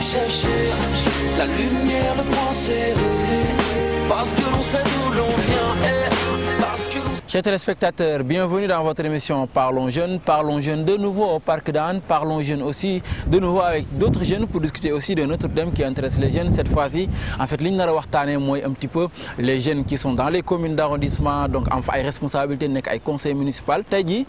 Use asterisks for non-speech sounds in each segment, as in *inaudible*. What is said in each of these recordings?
chercher la lumière de point parce que l'on sait où l'on est. Chers téléspectateurs, bienvenue dans votre émission Parlons Jeunes. Parlons Jeunes de nouveau au Parc d'Anne. Parlons Jeunes aussi de nouveau avec d'autres jeunes pour discuter aussi de notre thème qui intéresse les jeunes. Cette fois-ci, en fait, l'Ignara Wartane, moi, un petit peu les jeunes qui sont dans les communes d'arrondissement, donc en fait, responsabilité, nek conseil municipal. t'as dit,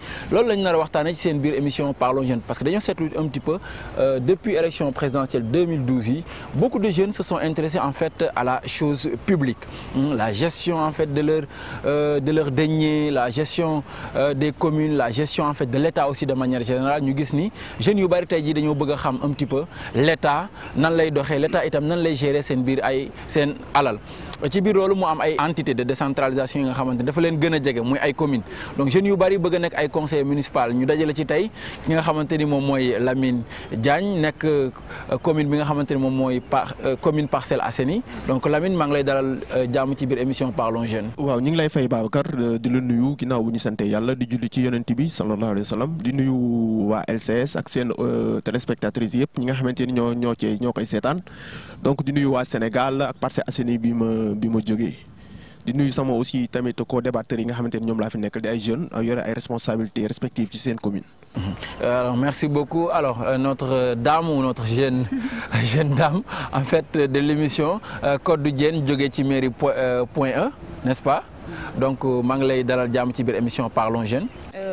c'est une émission Parlons Jeunes. Parce que d'ailleurs, cette lutte un petit peu, euh, depuis l'élection présidentielle 2012, beaucoup de jeunes se sont intéressés en fait à la chose publique, hmm, la gestion en fait de leur, euh, de leur denier la gestion euh, des communes la gestion en fait de l'État aussi de manière générale nous gis ni je yu bari pas de dire bëgg xam un petit peu l'État nan lay l'État itam nan lay gérer sen bir ay sen alal ci biir loolu mu am ay entité de décentralisation yi nga xamante ne dafa leen gën a jege muy ay commune donc jeunes yu bari bëgg a nekk ay conseil municipal ñu dajale ci tey ki nga xamante ni moom mooy Lamine Diagne nekk euh, commune bi nga xamante ni moom mooy par euh, commune Parcelles Assainies donc Lamine maa ngi lay dalal euh, jàmm ci biir émission Parlons Jeunes. waaw ñu ngi lay fay Babacar di la nuyu ginnaaw bu ñu sante yàlla di julli ci yonent bi sallallahu alayhi wa di nuyu waa LCS ak seen téléspectatrices yëpp ñi nga xamante ni ñoo ñoo cee ñoo koy seetaan bi ma jógee di nuyu sama aussi tamit co-débatteurs yi nga xamante ñom la laa fi nekk di ay jeunes ay responsabilités respectives ci sen commune. Euh, alors merci beaucoup. Alors euh, notre euh, dame ou notre jeune *laughs* jeune dame en fait de l'émission euh, Codou Diène jógee ci mairie point 1 n'est-ce pas donc mang lay dalal jamm ci bir émission Parlons Jeunes.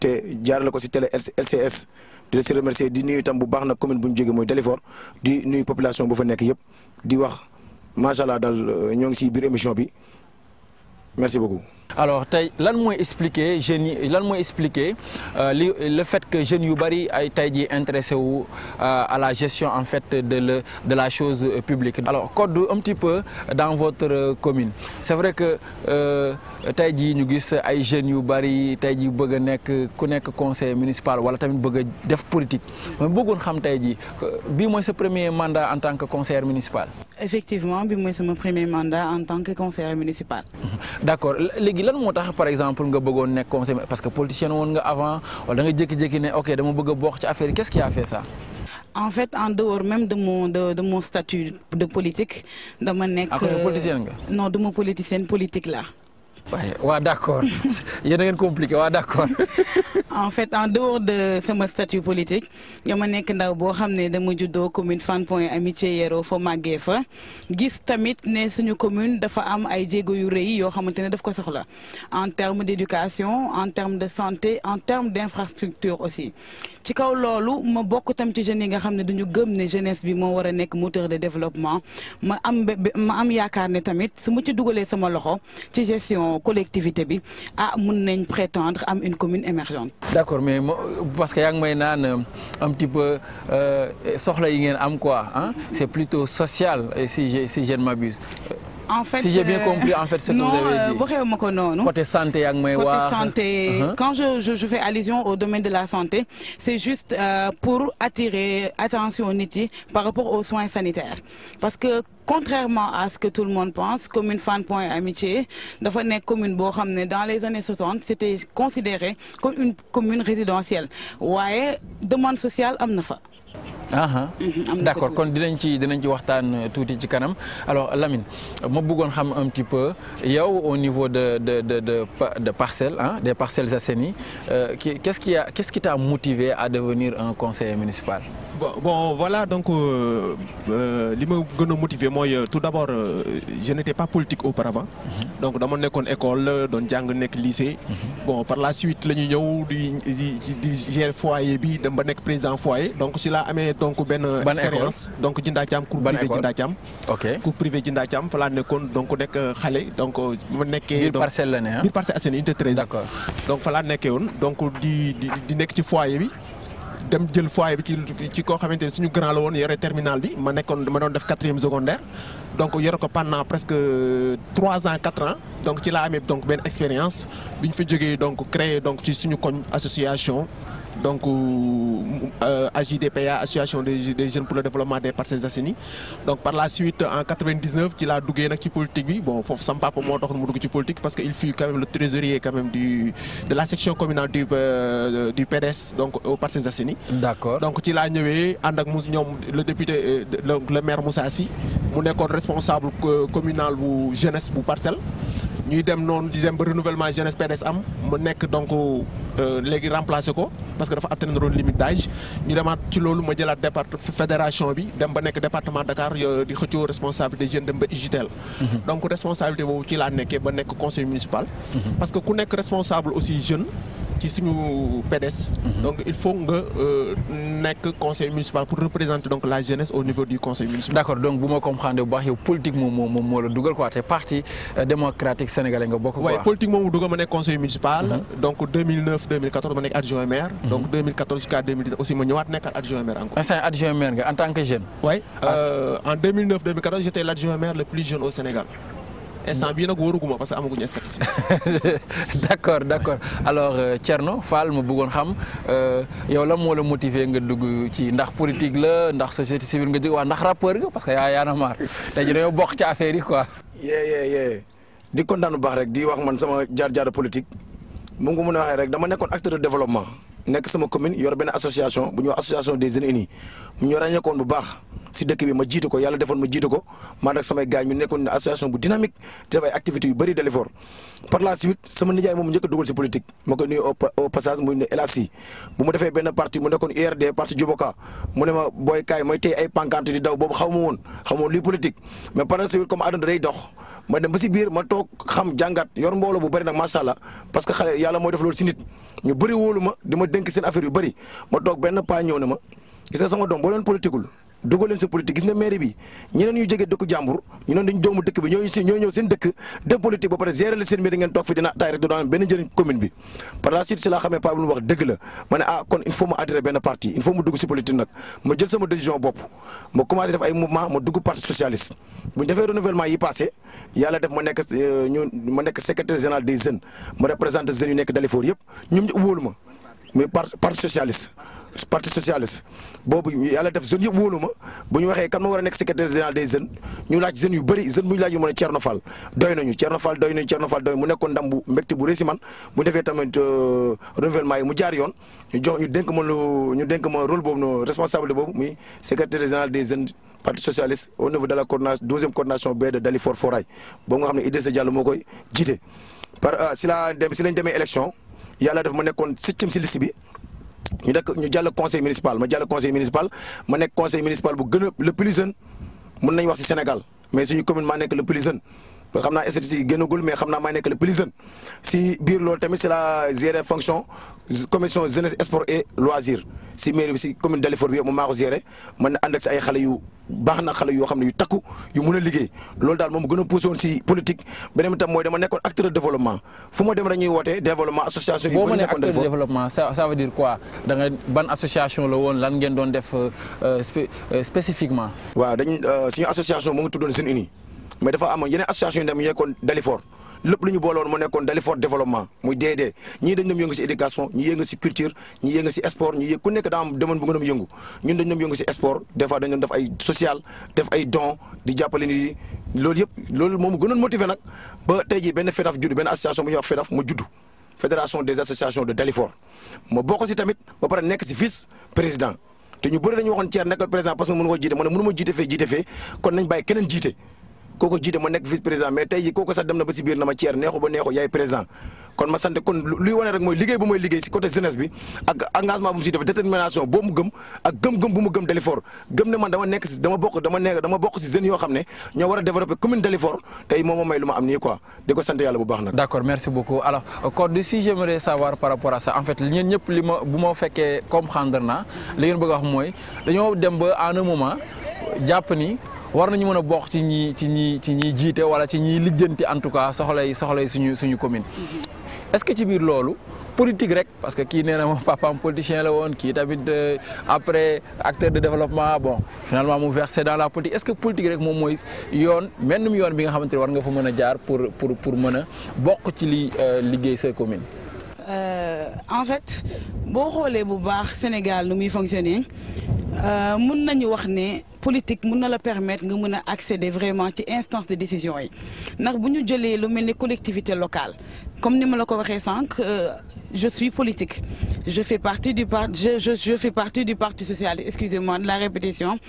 te jaarale ko si télé LCS de se remercier di nuyu tam bu baax commune buñu ñu moy mooy di nuyu population bu fa nek yépp di wax machallah dal euh, ñong ci ngi biir émission bi merci beaucoup alors l'année lan expliquer euh, le fait que je a été intéressé euh, à la gestion en fait de la chose publique alors code un petit peu dans votre euh, commune c'est vrai que conseil municipal wala politique mais vous xam premier mandat en tant que conseiller municipal effectivement premier mandat en tant que conseiller municipal d'accord léegi lan moo par exemple nga bëggoon nekk conseil parce que politicien woon nga avant wala da nga jékki-jékki ne ok dama bëgg a ci affaire qu'est-ce qui a fait ça. en fait en dehors même de mon de, de mon statut de politique dama nekk. après ah, euh, non de ma politicien politique là waaye waa d'accord. accord *laughs* yéen a ngeen compliqué waa d'accord. *laughs* en fait en dehors de sama statut politique dama nekk ndaw boo xam ne dama juddoo commune fan Point Amitié Yero fa màggee fa gis tamit ne suñu commune dafa am ay jéego yu rëy yoo xamante ne daf ko soxla en terme d'éducation, en terme de santé en terme d'infrastructure aussi ci kaw loolu ma bokk tam ci jeunes yi nga xam ne duñu gëm ne jeunesse bi moo war a moteur de développement ma am ma am yaakaar ne tamit su ma ci dugalee sama loxo ci gestion collectivité à ah, prétendre à une commune émergente. d'accord mais parce que vous euh, un petit peu euh, hein? c'est plutôt social si je ne m'abuse fait si j'ai bien euh, compris en fait ce que vous euh, côté santé uh-huh. quand je fais allusion au domaine de la santé c'est juste euh, pour attirer attention Niti par rapport aux soins sanitaires parce que contrairement à ce que tout le monde pense commune fan Point Amitié dafa commune dans les années 60 c'était considéré comme une commune résidentielle ouais demande sociale à Mhm, d'accord quand tu ci dinañ tout euh, de tuuti alors Lamine je voulais xam un petit peu au niveau de de de parcelles hein, des Parcelles Assainies euh, quest qu'est-ce qui t'a motivé à devenir un conseiller municipal. Bon, voilà, donc ce qui motivé, tout d'abord, euh, je n'étais pas politique auparavant. Mhm. Donc, dans mon école, dans le lycée, mhm. bon, par la suite, nous eu foyer, de le président foyer. Donc, c'est là donc une expérience. Donc, j'ai eu cours privé Ok. Cours privé donc euh, Donc, parcelle, Une parcelle, une D'accord. Donc, foyer dem jël foyer bi ci ci koo xamante suñu grand la woon yore terminal bi ma nekkoon ma don def 4e secondaire donc yore ko pendant presque 3 ans 4 ans donc ci la amé donc ben expérience biñ fi fa donc créé donc ci suñu koñ association donc AJDPA, euh, euh, Association des, jeunes pour le développement des parcelles assainies. Donc par la suite, en 99, il a dougué dans la politique, il ne faut pas pour moi de politique parce qu'il fut quand même le trésorier quand même de la section communale du, euh, PDS, donc aux parcelles assainies. D'accord. Donc il a annulé le député, le, maire Moussa Assi, mon responsable communal ou jeunesse pour parcelle. Nous dem noonu di renouvellement jeunesse PDS am mu donc euh, léegi remplacer ko parce que dafa atteindre le limite d'âge nous avons ci lolu ma jëlaat départ fédération bi dem ba nek département Dakar euh, di xëccoo responsabilité des dem ba Igitel mhm. donc responsabilité bobu ci la nekkee ba nek conseil municipal. Mhm. parce que ku nek responsable aussi jeune. qui suñu PDS. Mhm. donc il faut que euh, nekk conseil municipal pour représenter donc la jeunesse au niveau du conseil municipal. d'accord donc vous comprendre bu politique moom moo moo la quoi parti démocratique sénégalais nga bokk waaye politique conseil municipal. Mhm. donc 2009 2014 ma nek adjoint maire. Mhm. donc 2014 jusqu'à 2010 aussi ma ñëwaat nek adjoint maire encore. instant adjoint maire en tant que jeune. oui ah. euh, en 2009 2014 j'étais l'adjoint maire le plus jeune au Sénégal. instant bi nak waruguma parce que amaguñu statistique. *laughs* d'accord d'accord alors euh, Tierno, Fall ma bëggoon xam euh, yow la mo la motivé nga dugg ci ndax politique la ndax société civile nga jóg wa ndax rappeur nga parce que ya yaa na maar tey jii bokk ci affaire yi quoi. Yeah, yeah, yeah. di kon kontaan bu baax rek di wax man sama jaar-jaaru politique mu ngi mën a waxee rek dama nekkoon acteur de développement nekk sama commune yor benn association bu ñuy wax association des jeunes unis ñu ràññeekoon bu baax dëkk bi ma jiitu ko yàlla defoon ma jiitu ko man ak samay gars ñu nekkoon association bu dynamique di def ay yu bëri de par la suite sama nijaay moom njëkk a dugal si politique ma koy nuyu au passage muy ne LAC bu mu defee benn parti mu nekkoon URD parti Juboka mu ne ma booy kaay may tey ay pancarte di daw boobu xaw ma woon xaw ma woon luy politique mais par la suite ma dem ba si biir ma toog xam jàngat yor mbooloo bu bëri nag macha allah parce que xale yàlla mooy def loolu si nit ñu bëri wóolu ma di ma dénk seen affaire yu bëri ma toog benn paa ñëw na ma gis nga sama doom boo leen politiqueul dugal leen sa politique gis nga mairie bi ñeneen ñu jógee dëkk ma ne ah kon il faut ma adhéré parti il bu defee renouvellement yi passé yàlla def ma nekk euh, ñu ma nekk secrétaire général des jeunes ma représenté jeunes yu nekk Dalifort yëpp ñoom ñu wóolu ma muy parti parti socialiste parti socialiste boobu yàlla def jeunes yëpp wóolu ma bu ñu waxee kan ma war a nekk secrétaire général des jeunes ñu laaj jeunes yu bëri jeunes bu ñu laaj ñu mën a Thierno Fall doy nañu Thierno Fall doy nañu Thierno bu mbégte bu rési man bu defee tamit euh, renouvellement mu jaar yoon ñu ñu dénk ma ñu dénk ma rôle boobu no responsabilité boobu muy secrétaire général des jeunes parti socialiste au niveau de la coordination coordination B de Dalifort Foray nga par euh, si la élection il daf ma liste bi conseil municipal ma conseil municipal ma conseil municipal le plus jeune nañ wax Sénégal mais suñu commune le plus jeune xam naa statistique yi génnagul mais xam naa maa nekk le plus jeune si biir loolu tamit c'est la gérer fonction commission jeunesse sport et loisir si mairie si commune Dalifort bi yëpp moom maa ko gérer mën na ànd ak si ay xale yu baax na xale yoo xam ne yu takku yu mun a liggéey loolu daal moom gën a si politique beneen tam mooy dama nekkoon acteur de développement fu ma dem rek ñuy développement association. yi boo ma ne acteur de développement ça ça veut dire quoi da nga ban association la woon lan ngeen doon def euh, euh, spécifiquement. waaw dañuy euh, suñu association moom tuddoon Jeunes Unis mais dafa amone yene association yu dem ñu nekkoon Dalifort lépp lu ñu booloon mu Dalifort développement muy DD ñi dañ doon yëngu ci éducation ñi yëngu ci culture ñi yëngu ci sport ñi ku nekk daa am domaine bu nga yëngu ñun dañ doon yëngu ci sport des fois dañ doon def ay social def ay don di jàppale nit lool yëpp lool moom gënoon motivé nak ba tey jii benn FEDAF judd ben association bu ñuy wax FEDAF e mu judd fédération des associations de Dalifort mo bokk ci tamit ba pare nekk ci vice président té ñu bëri dañu waxoon Thierre nekkal président parce que mënu ko jité ma mënu mo jité fé jité fé kon nañ bay kenen jité koko jiite mo nek vice président mais tay ji kooko sax dem na ba ci biir na ma tier nexu ba nexu yay président kon ma sante kon luy woné rek moy liguey bu moy liguey ci côté jeunesse bi ak engagement bu mu si def détermination bo mu gëm ak gëm-gëm bu mu gëm Dalifort gëm né man dama nek si dama bok dama nekk dama bok ci jeune yo xamné ño wara développer commune Dalifort tey moo ma may luma am ni quoi diko sante yalla bu baax nak d'accord merci beaucoup alors Codou si j'aimerais savoir par rapport à ça en fait ñeen ñep lima bu mo féké comprendre na li ngeen bëgg wax moy dañoo dem ba en un moment japp ni war nañu mën a bokk ci ñi ci ñi ci ñiy jiite wala ci ñiy lijjanti en tout cas soxlay soxlay suñu suñu commune. est-ce que ci biir loolu politique rek parce que kii nee na moom *laughs* papaam politicien la woon kii tamit euh, après acteur de développement bon finalement mu versé dans la politique est-ce que politique rek moom mooy yoon mennum yoon bi nga xamante ne war nga fa mën a jaar pour pour pour mën a bokk ci li euh, liggéey sa commune. Euh, en fait si le bu Sénégal fonctionne, fonctionner euh, nañu politique nous la permettre accéder vraiment à l'instance de décision Nous ndax bu ñu les lu comme je le la euh, je suis politique je fais partie du parti Social, fais partie du parti excusez-moi de la répétition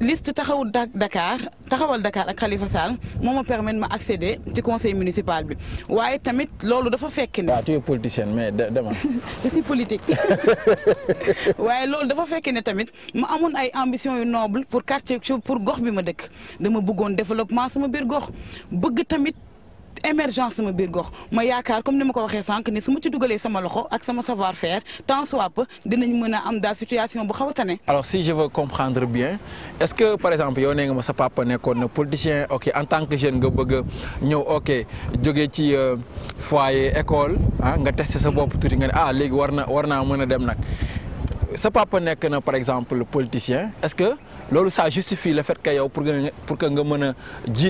liste taxawu Dakar taxawal Dakar ak Khalifa Sall moma permettre ma accéder ci conseil municipal bi waye tamit lolu dafa fekk ni ah, tu es politicienne mais dama. *laughs* je suis politique *laughs* waye lolu dafa fekk ni tamit ma amone ay ambition noble pour quartier pour gox bi ma dëkk dama bëggone développement sama bir gox bëgg tamit émergence sama biir gox ma yaakaar comme nima ko waxee sank ni su ci dougalé sama loxo ak sama savoir faire tant soit peu dinañ mën am da situation bu xaw a tane. alors si je veux comprendre bien est-ce que par exemple yo nee nga ma sa papa nekkoon politicien ok en tant que jeune nga bëgg a ok joggé ci euh, foyer école ah, nga testé sa bop tuuti nga ah légui warna warna war dem nak ce papa nekk na par exemple politicien est-ce que loolu ça justifie le fait que yow pour que pour que nga meuna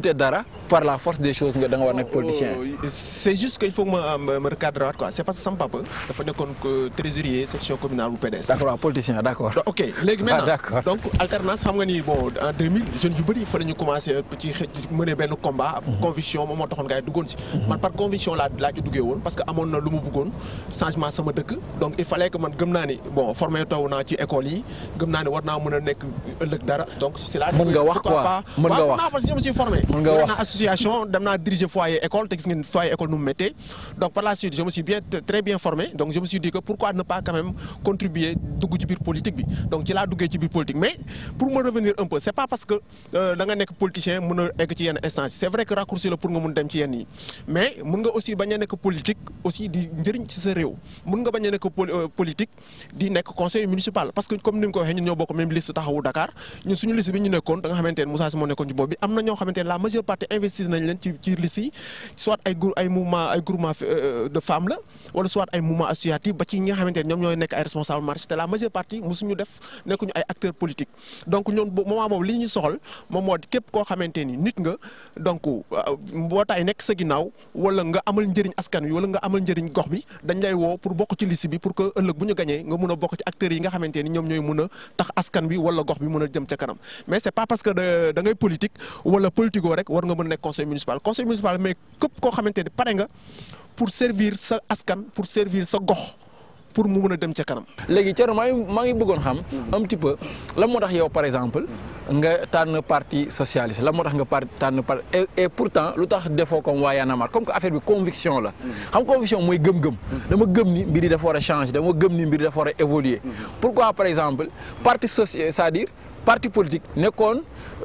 a dara par la force des choses nga da nga war politicien. Oh, c'est juste qu'il faut que me recadrer quoi c'est pas ça sama papa fa nekone euh, trésorier section communale ou PDS. d'accord politicien d'accord. ok légui maintenant ah, donc alternance xam nga ni bon en 2000 jeunes yu bëri fa fallait nous commencer euh, ci mëne ben combat. Mhm. conviction moom taxone taxoon gars yi duggoon si. Mhm. man par conviction la laa ci duggee woon parce que amone na luma bëggone changement sama deuk donc il fallait que man gëm ni bon former taxaw naa ci école yi gëm naa ne war naa mën a nekk ëllëg dara donc c'est la mën nga wax quoi nga wax parce nga wax association dem naa diriger foyer école te gis ngeen foyer école nu mu méttee donc par la suite je me bien très bien formé donc je me suis dit pourquoi ne pas quand contribuer dugg ci biir politique bi donc ci laa duggee ci biir politique mais pour me revenir un peu c'est pas parce que euh, da nekk politicien mën a egg ci yenn instance parce que comme ni ko waxee ñun ñoo bokk même liste taxawu Dakar ñun suñu bi ñu nekkoon da nga xamante ne Moussa Sy moo nekkoon ci boobu bi am na ñoo xamante la majeure partie investir nañ leen ci ci liste soit ay groupe ay mouvement ay groupement euh, de femmes la wala soit ay mouvement associatif ba ci ñi nga ñoom ñooy nekk ay responsable marché te la majeure partie mosuñu def nekkuñu ay acteurs politiques donc ñoom moment boobu li ñu soxal moom moo képp koo xamante ni euh, a acteurs yi nga xamante ni ñoom ñooy mën a tax askan bi wala gox bi mën jëm ca kanam mais c'est pas parce que da ngay politique wala politico rek war nga mën a conseil municipal conseil municipal mais képp koo xamante ni pare nga pour servir sa askan pour servir sa gox pour mu mën a dem ca kanam. léegi Thierno maa ngi maa ngi bëggoon xam. un petit peu lan moo tax yow par exemple. nga tànn parti socialiste la moo tax nga par tànn par et pourtant lu tax defoo comme waaye Y'en a comme que affaire bi conviction la. xam conviction mooy gëm-gëm. dama gëm ni mbir yi dafa war a changer dama gëm ni mbir yi dafa war a pourquoi par exemple parti soci c'est-à-dire parti politique nekkoon.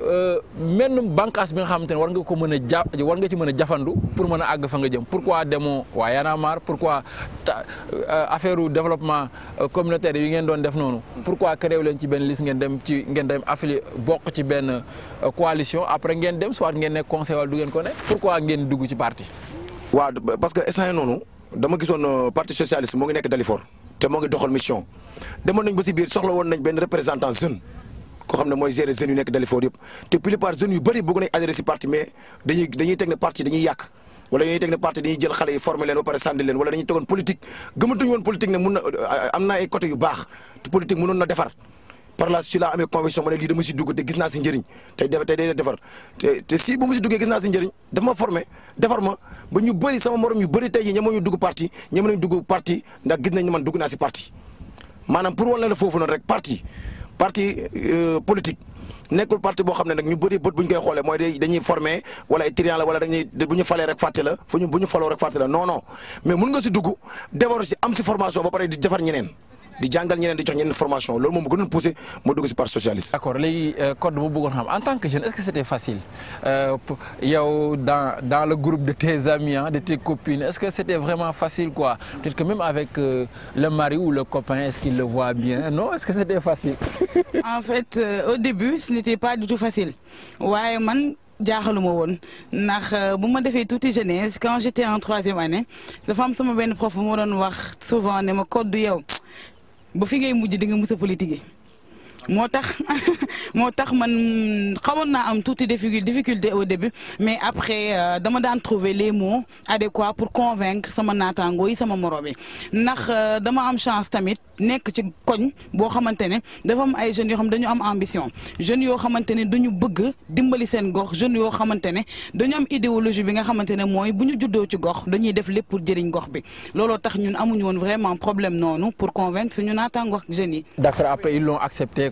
Euh, menn bànqaas bi nga xamante ne war nga ko mën a ja war nga ci mën a jafandu pour mën a àgg fa nga jëm pourquoi demoo waa Y'en pour marre pourquoi euh, affaire u développement euh, communautaire yi ngeen doon def noonu pour pourquoi créé leen ci benn liste ngeen dem ci ngeen dem affilié bokk ci benn coalition après ngeen dem soit ngeen nekk conseil wala du ngeen ko ne pourquoi ngeen dugg ci parti waaw parce que instant noonu dama gisoon parti socialiste moo ngi nekk Dalifort te moo ngi doxal mission demoon nañ ba si biir soxla woon nañ benn représentant jeune ko xam ne mooy gérer jeunes yu nekk Dalifort yëpp te plupart jeunes yu bëri bëgg nañ adhéré si parti mais dañuy dañuy teg ne parti dañuy yàq wala dañuy teg ne parti dañuy jël xale yi former leen ba pare sànni leen wala dañuy tegoon politique gëmatuñu woon politique ne mun na euh, am na ay côté yu baax te politique mënoon na defar par la suite amee conviction ma ne lii dama si dugg te gis naa si njëriñ tey defar te si ma si duggee gis ba ñu sama morom yu bëri tey jii ñemoo ñu dugg parti ñemoo nañ parti ndax gis nañ man dugg naa si parti maanaam pour wala la rek parti parti euh, politique nekul parti bo xamne nak ñu bari bot buñ koy xolé moy dañuy formé wala étudiant la wala dañuy buñu falé rek faté la fuñu buñu falo rek faté la non non mais mën nga ci dugg dévorer ci am ci formation ba paré di jëfar ñeneen di jangal ñeneen di jox ñeneen formation loolu moom gënoon poussé ma dugg si parti socialiste. d' accord léegi euh, code bu bëggoon xam en tant que jeune est ce que c'était était facile euh, yow dans dans le groupe de tes amis ah de tes copines est ce que c'était vraiment facile quoi peut être que même avec euh, le mari ou le copain est ce qu'il le voit bien non est ce que c'était facile. *laughs* en fait au début ce n'était pas du tout facile waaye man. jaaxaluma woon ndax bu ma defee tuuti jeunesse quand j'étais en troisième année dafa am sama benn prof bu ma doon wax souvent ne ma code du yow ba fi ngay mujj di nga mës a politique motax *laughs* motax man xamoon na am touti difficulté au début mais après euh, dama dan trouver les mots adéquats pour convaincre sama natango yi sama morobe yi ndax euh, dama am chance tamit nek ci koñ bo xamantene dafa am ay jeunes yo xam dañu am ambition jeunes yo xamantene ne dañu bëgg dimbali sen gox jeunes yo xamantene dañu am idéologie bi nga xamantene moy buñu bu ci gox dañuy def lépp pour jëriñ gox bi lolo tax ñun amuñu won vraiment problème noonu pour convaincre suñu natango ak yi. D'accord après ils l'ont accepté.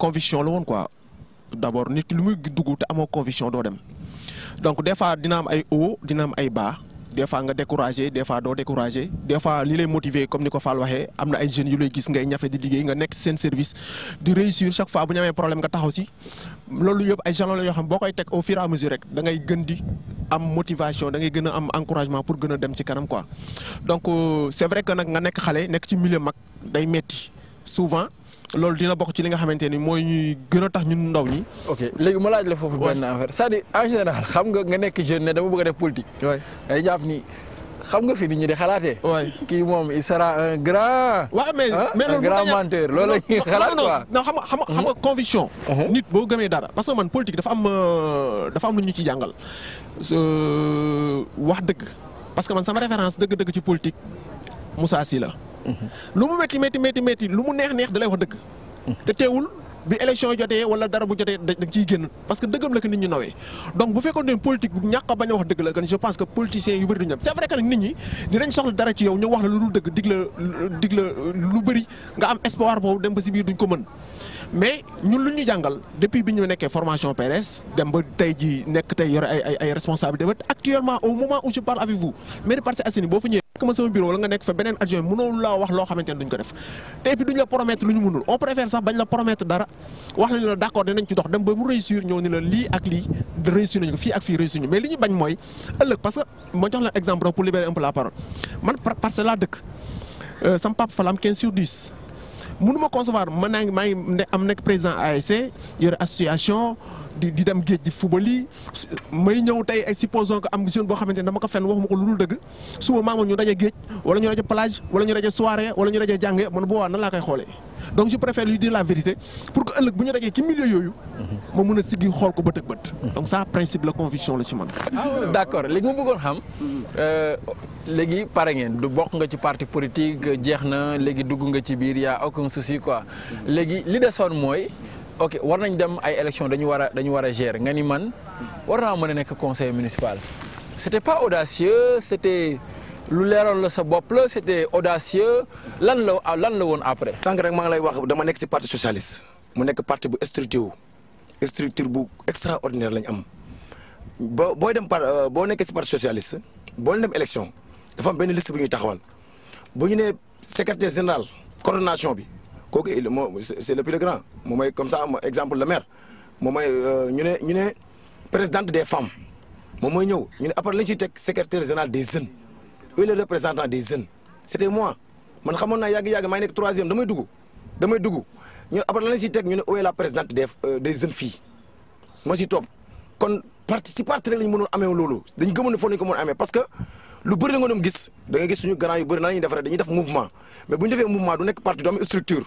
conviction la quoi d'abord nit lu muy dugg te amo conviction do dem donc des fois dina am ay haut dina am ay bas des fois nga découragé des fois do découragé des fois li lay motiver comme niko ko Fall waxee am ay jeunes yu lay gis ngay ñafé di liggéey nga nek sen service di réussir chaque fois bu ñu problème nga taxaw ci lolu yeb ay jalon la yo xam boo tek au fur et à mesure rek da ngay gën di am motivation da ngay gëna a am encouragement pour gëna dem ci kanam quoi donc euh, c'est vrai que nak nga nek xalé nek ci milieu mak day metti souvent. loolu dina bokk ci li nga xamante ni mooy ñuy gën a tax ñun ndaw ñi. ok léegi ma laaj la foofu benn affaire c'est-à-dire en général xam nga nga nekk jeune ne dama bëgg a def politique. waay day ni xam nga fi nit ñi di xalaatee. waay kii moom il sera un grand. waaw mais mais un grand menteur loolu la ñuy xalaat quoi. non xam nga xam nga xam nga uh-huh. conviction. Uh-huh. nit boo gëmee dara parce que man politique dafa am euh, dafa am lu ñu ci jàngal. Euh, wax dëgg parce que man sama référence dëgg-dëgg ci politique Moussa Sy la. lu mu meti meti meti, metti lu mu neex neex dalay wax deug bi élection joté wala dara bu joté da ci pas ke degam deugum la nawe. Dong ñi kau dengan politik, fekkon den politique ñaka baña wax deug la gën je pense que politicien yu bari du ñam c'est vrai que nak nit ñi dinañ soxla dara ci yow ñu wax la lu digle digle lu bari am espoar bo dem ba ci biir duñ ko mën mais ñun lu ñu jangal depuis biñu formation PRS dem ba tay ji nek tay ay ay responsabilité ba actuellement au moment où je parle avec vous mairie parti assini bo fu ñé fekk ma sama bureau wala nga nekk fa beneen adjoint mënoo laa wax loo xamante ne duñ ko def te et puis duñ la promettre lu ñu on préfère sax bañ la promettre dara wax lañu la d' accord dinañ ci dox dem ba mu réussir ñëw ni la lii ak lii réussir nañu ko fii ak fii réussir ñu mais li ñu bañ mooy ëllëg parce que ma jox la exemple pour libérer un peu la parole man parcelle dëkk euh, sam papa fa am 15 sur 10 mënu ma concevoir mën naa ngi maa ngi am nekk président ASC yore di di dem géej gi football lii may ñëw tey ay supposons que am jeune boo xamante ne dama ko fenn waxuma ko lu dul dëgg suba maamoon ñu daje géej wala ñu daje plage wala ñu daje soirée wala ñu daje jànge man boobaa nan laa koy xoolee. donc je préfère lui dire la vérité pour que ëllëg bu ñu dajee ci milieu yooyu. ma mën a siggi xool ko bët ak bët. donc ça principe la conviction la ci man. Ah d' accord léegi mu bëggoon xam euh, léegi pare ngeen du bokk nga ci parti politique jeex na léegi dugg nga ci biir y' a aucun souci léegi li desoon mooy. ok war nañ dem ay élections dañu wara dañu wara gérer nga ni man war naa mën conseil municipal. C'était pas audacieux c'était lu leeroon la sa bop la c'était audacieux lan la lan la won après. sànq rek ma nglay wax dama nek ci parti socialiste mu nek parti bu structure structure bu extraordinaire lañ am boo dem par euh, boo nekkee parti socialiste bo dem élection dafa am ben liste bu ñuy taxawal bu ñu secrétaire général coordination bi kooku il moo c'est le plus grand moom comme ça exemple le maire moom mooy euh, ñu ne ñu ne présidente des femmes moom mooy ñëw ñu ne après lañu ciy teg secrétaire général des jeunes et le représentant des jeunes c'était moi man xamoon naa yàgg-yàgg maa ngi nekk troisième damay dugg damay dugg ñu après lañu ciy teg ñu ne où est la présidente des euh, des jeunes filles moo ci top kon participer si parti rek la ñu mënoon amee loolu dañ gëmoon ne foofu la ñu ko mën amee parce que lu bëri la nga doon gis da nga gis suñu grand yu bëri na la ñuy def rek dañuy def mouvement mais bu ñu defee mouvement du nekk parti du am structure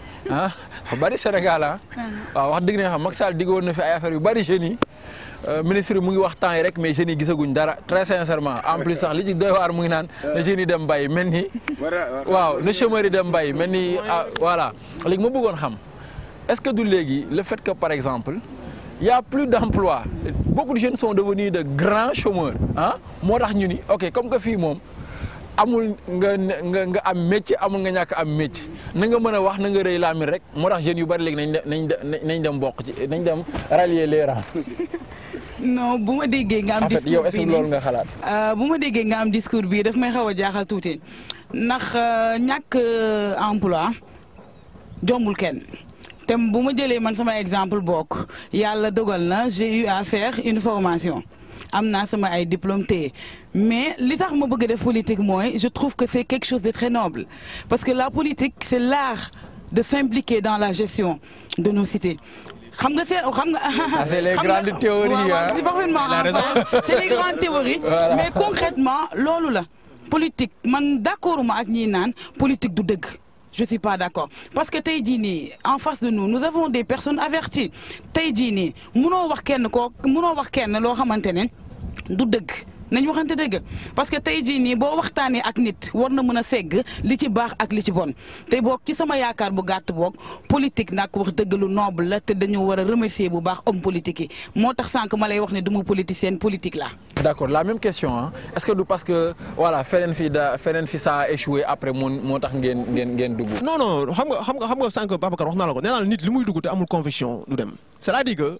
ah bari Sénégal un ah. ah. wax Je ne bari pas euh, ministre mu ngi très sincèrement en plus sax li ci doy mu ngi un ah, voilà est-ce que le fait que par exemple. il n'y a plus d'emplois Beaucoup de jeunes sont devenus de grands chômeurs. Hein? Moi, je ok, comme que fille, amul nga nga am métier amul nga ñàkk am métier na nga mën a wax na nga rëy laamin rek moo tax jeunes yu bari léegi nañ nañ nañ dem bokk ci nañ dem rallier leera rangs *laughs* non bu ma déggee nga am discours yow est-ce nga xalaat euh, bu ma déggee nga am discours bii daf may xaw a jaaxal tuuti ndax euh, ñàkk euh, emploi jombul kenn te bu ma jëlee man sama exemple bokk yàlla dogal na j'ai eu à faire une amna sama ay diplômé, mais li tax ma bëgg def politique moy je trouve que c'est quelque chose de très noble parce que la politique c'est l'art de s'impliquer dans la gestion de nos cités c'est les grandes théories c'est parfaitement c'est les grandes théories mais concrètement loolu la politique man d'accord avec ak ñi nan, politique du dëgg je ne suis pas d'accord parce que Taïdini, en face de nous nous avons des personnes averties Taïdini, nous nii munoo wax kenn ne nañ waxante dëgg parce que tey jii nii boo waxtaanee ak nit war na mën li ci bax ak li ci bon tay bok ci sama yaakaar bu gatt bok politique nak wax dëgg lu noble la te dañu wara remercier bu bax homme politique yi moo tax sànq ma lay wax ne du ma politicienne politique la d'accord la même question hein est-ce que du parce que voilà fenen fi da feneen fi ça a échoué après moo moo ngén ngén ngeen dugg. non non xam nga xam nga xam nga sank Babacar wax naa la ko nee nit limuy muy dugg te amul confession du dem c'est-à-dire que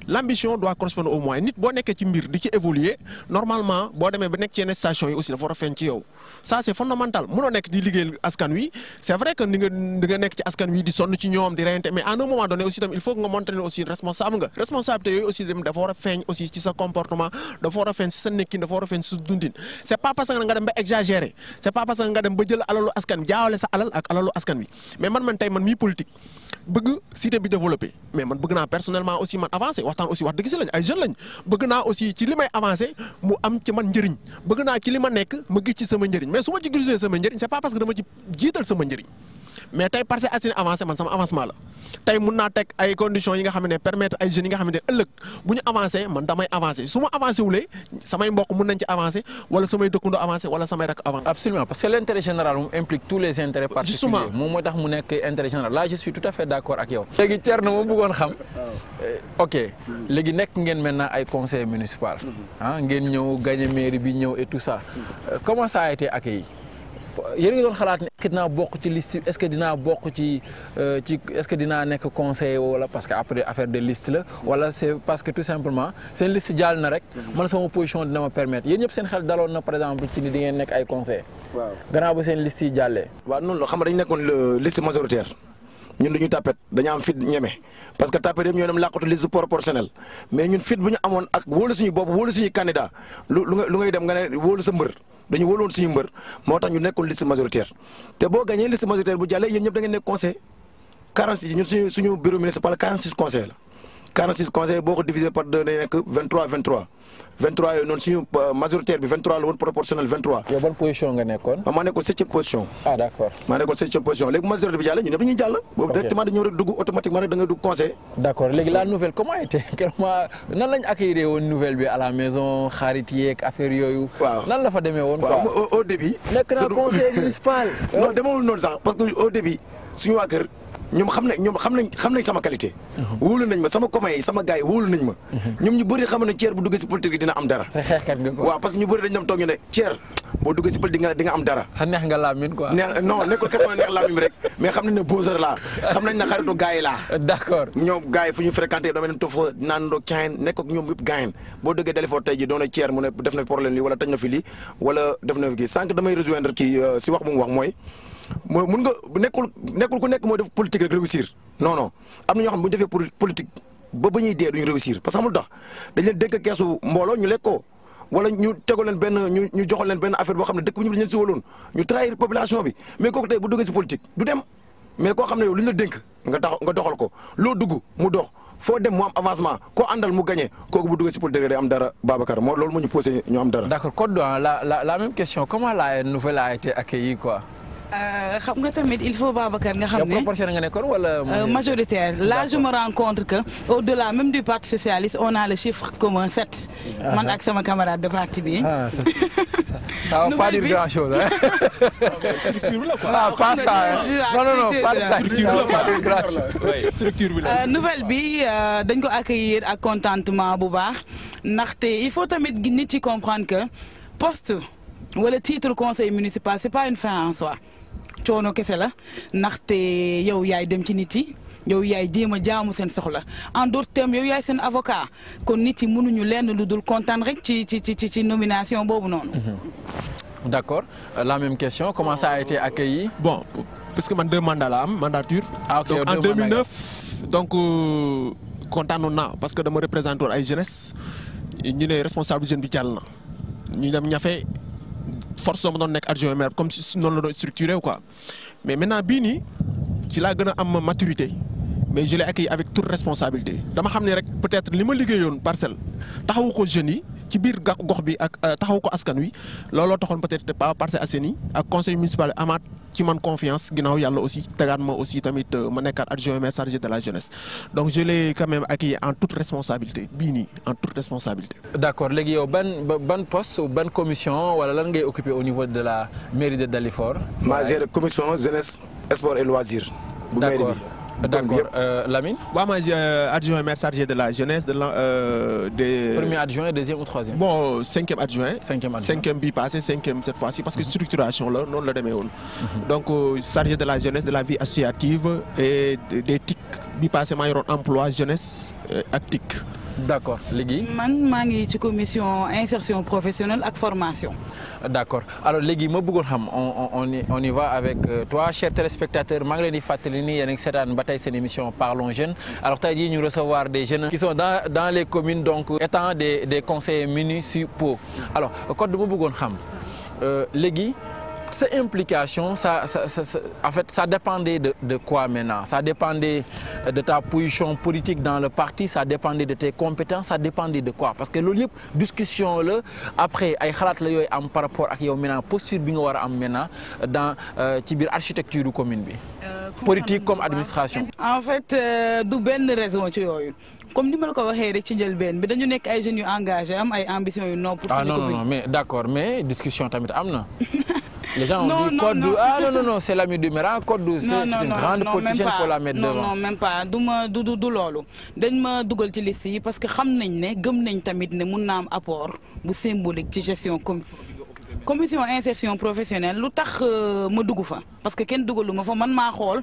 l'ambition doit correspondre au moyen nit boo nekkee ci mbir di ci évoluer normalement boo demee ba nekk ci yenn station yi aussi dafa war a feeñ ci yow ça c'est fondamental mënoo nekk di liggéeyal askan wi c'est vrai que ni nga di nga nekk ci askan wi di sonn ci ñoom di reyante mais à un moment donné aussi tam il faut nga montrer ne aussi responsable nga responsabilité yooyu aussi dafa war aussi ci sa comportement dafa war a feeñ ci sa nekkin dafa war a feeñ c'est pas parce que nga dem ba exagérer c'est pas parce que nga dem ba jël alalu askan wi jaawale sa alal ak alalu askan wi mais man man tey man mii politique bëgg cité bi développé mais man bëgg naa personnellement aussi man avancé waxtaan aussi wax dëgg si lañ ay jeunes lañ bëgg naa aussi ci li may avancé mu am ci man njëriñ bëgg naa ci li ma nekk ma gis ci sama njëriñ mais su ma ci gisee sama njëriñ c'est pas parce que dama ci jiital sama njëriñ mais tay parce que assine avancer man sama avancement la tey mun naa teg ay conditions yi nga xamné permettre ay jeunes yi nga xamné euleuk buñu avancer man damay avancer suma ma avancé wulee mbokk mun nañ ci avancer wala samay dëkkandoo avancer wala samay rak avancer absolument parce que l'intérêt général moom implique tous les intérêts particuliers moom mooy tax mu nek intérêt général là je suis tout à fait d'accord accord ak yow. légui Thierno mo bëggone xam euh, ok légui nek ngeen maintenant ay conseil municipal mhm. ah ngeen ñëw gagner mairie bi ñëw et tout ça euh, comment ça a été accueilli yéen ngi doon xalaat ne est-ce que dinaa bokk ci liste est-ce que dinaa bokk ci euh, ci est-ce que dinaa nekk conseiller wala parce que après affaire de liste la wala c'est parce que tout simplement seen liste jàll na rek man sama position dina ma permettre yéen ñëpp seen xel daloon na par exemple ci ni di ngeen nekk ay conseiller waaw gannaaw ba seen liste yi jàllee waaw noonu la xam nga dañu nekkoon liste majoritaire ñun duñu tapet dañu am fit ñeme parce que tapet yëpp ñoo dem làqatu liste proportionnelle mais ñun fit bu ñu amoon ak wóolu suñu bopp wóolu suñu candidat lu lu ngay dem nga ne wóolu sa mbër dañu wóoloon suñu mbër moo tax ñu nekkoon liste majoritaire te boo gañee liste majoritaire bu jàllee yéen ñëpp da ngeen nekk conseil 46 ñun suñu suñu bureau municipal 46 conseil la 46 conseillers boo ko divisé par deux day 23 23 23 non si suñu euh, majoritaire 23 le proportionnel 23. yow ban position nga nekkoon. Ah, maa nekkoon septième position. ah d'accord. ma maa nekkoon septième position léegi majorité bi jàll ñu ne dañuy jàll. boobu directement dañu rek dugg automatiquement rek da nga dugg conseil. D'accord. accord la nouvelle comment était comment *laughs* nan lañ accueillir une nouvelle bi à la maison xarit ak affaire yoyu nan la fa démé won quoi au début. Le conseil municipal. *laughs* non demewul non sax parce que au début suñu wa kër. ñoom xam nañ ñoom xam nañ xam nañ sama qualité. Mhm. wóolu nañ ma sama copain yi sama gars yi wóolu nañ ma. Mhm. ñoom ñu bëri xam ne Thier bu duggee si politique dina am dara. sa xeexkat nga quoi waaw parce que ñu bëri dañ am dara. xa neex nga Lamine quoi. neex non nekkul question neex Lamine rek mais xam nañ ne Bozor laa xam xaritu gars yi d'accord ñoom gars fu ñu fréquenté dama leen naan doo caayin nekk ak ñoom yëpp gaayin boo duggee Dalifort tey ji doon na Thier mu ne def na problème lii wala tëj na fi lii wala def na fi kii sànq damay rejoindre kii euh, si wax bu mu wax mooy mooy mun nga nekkul nekkul ku nekk mooy def politique rek réussir nono non am na ñoo xam bu ñu defee pour politique ba ba ñuy dee duñu réussir parce que xamul tax dañ leen dénk keesu mbooloo ñu lekk ko wala ñu tegoo leen benn ñu ñu joxoon leen benn affaire boo xam ne dëkk bu ñu leen si waloon ñu trahir population bi mais kooku tey bu duggee si politique du dem mais xam ne yow lu ñu la nga doxal ko loo dugg mu dox foo dem mu am avancement koo àndal mu gagné kooku bu duggee si politique day am dara Babacar moo loolu moo ñu posé ñu am dara. d'accord Codouan la Euh, xam nga tamit il faut Babacar nga xam ne proportionnel nga nekkoon wala. Euh, majoritaire là je me rends compte que au delà même du parti socialiste on a le chiffre commun 7. Ah, man ah. ak sama camarade de parti bi. Ah, ça ça va pas dire grand chose non ah pas ça hein. non non non pas ça structure bi la euh, nouvelle bi dañ ko accueillir ak contentement bu baax il faut tamit nit yi comprendre que poste wala titre conseil municipal c'est pas une fin en soi coono kessela naxte yow yaay dem ci nit yi yow yaay djema jaamu sen soxla en d'autres termes yow yaay sen avocat kon nit yi mënuñu lenn luddul contane rek ci ci ci ci nomination bobu non mhm. D'accord. Euh, la même question, comment ça a été accueilli Bon, parce que man deux mandats la am mandature. Ah, okay, donc, en 2009, mandats. donc, euh, content on parce que je me représente à la jeunesse, nous sommes responsables jeunes du ñu dem ñafé force soo ma doon nekk adjoint maire comme si noonu la doon structuré bii nii ci laa gën a am maturité mais je l'ai accueilli avec toute responsabilité Je sais que peut-être li ma parcelle taxawu ko jeunes yi ci biir bi ak euh, taxawu ko askan wi looloo taxoon peut-être pas Parcelles Assainies le conseil municipal qui ci man confiance qui m'a aussi qui ma aussi tamit euh, ma aussi adjoint maire de la jeunesse donc je l'ai quand même accueilli en toute responsabilité Bini, en toute responsabilité. d'accord les yow ban bon poste ou commission wala lan ngay au niveau de la mairie de Dalifort. ma commission jeunesse sport et loisirs. D'accord. D'accord. Euh, Lamine Moi, je, euh, adjoint maire chargé de la jeunesse. De euh, Premier adjoint, deuxième ou troisième Bon, cinquième adjoint. Cinquième adjoint. Cinquième bipassé, cinquième cette fois-ci, parce que mhm. structuration, là, non, le demeure. Mhm. Donc, chargé de la jeunesse, de la vie associative et d'éthique, TIC, bi emploi, jeunesse, actique. D'accord, Légui Je man mangi ci commission insertion professionnelle et formation. D'accord, alors Légui, ma bëggoon xam on on on y va avec euh, toi chers téléspectateurs Malgré ngi fatigues, di de ni émission parlons jeunes alors tu dit que nous recevoir des jeunes qui sont dans les communes donc étant des des conseillers municipaux alors code du ma bëggoon xam euh, Légui ces implications, ça, en fait, ça dépendait de, quoi maintenant Ça dépendait euh, de ta position politique dans le parti, ça dépendait de tes compétences, ça dépendait de quoi Parce que le discussion, là, après, il y a par rapport à la posture que tu dans l'architecture euh, de commune. Euh, politique comme administration. En fait, euh, d'où raison comme ni ma la ko waxee rek ci njëlbeen bi dañu nek ay jeunes yu engagé am ay ambition yu non pour ah non non mais d'accord mais discussion tamit amna *laughs* les gens ont dit code ah non non non c'est l'ami du Mera ah, Codou c'est une grande politicienne faut la mettre devant non non même pas douma ma du du lolu dañ ma dugal ci liste yi parce que xam nañ ne gëm nañ tamit ne mun naa am apport bu symbolique ci gestion comme commission insertion professionnelle lu tax euh, ma dugg fa parce que kenn dugalu fa man ma xol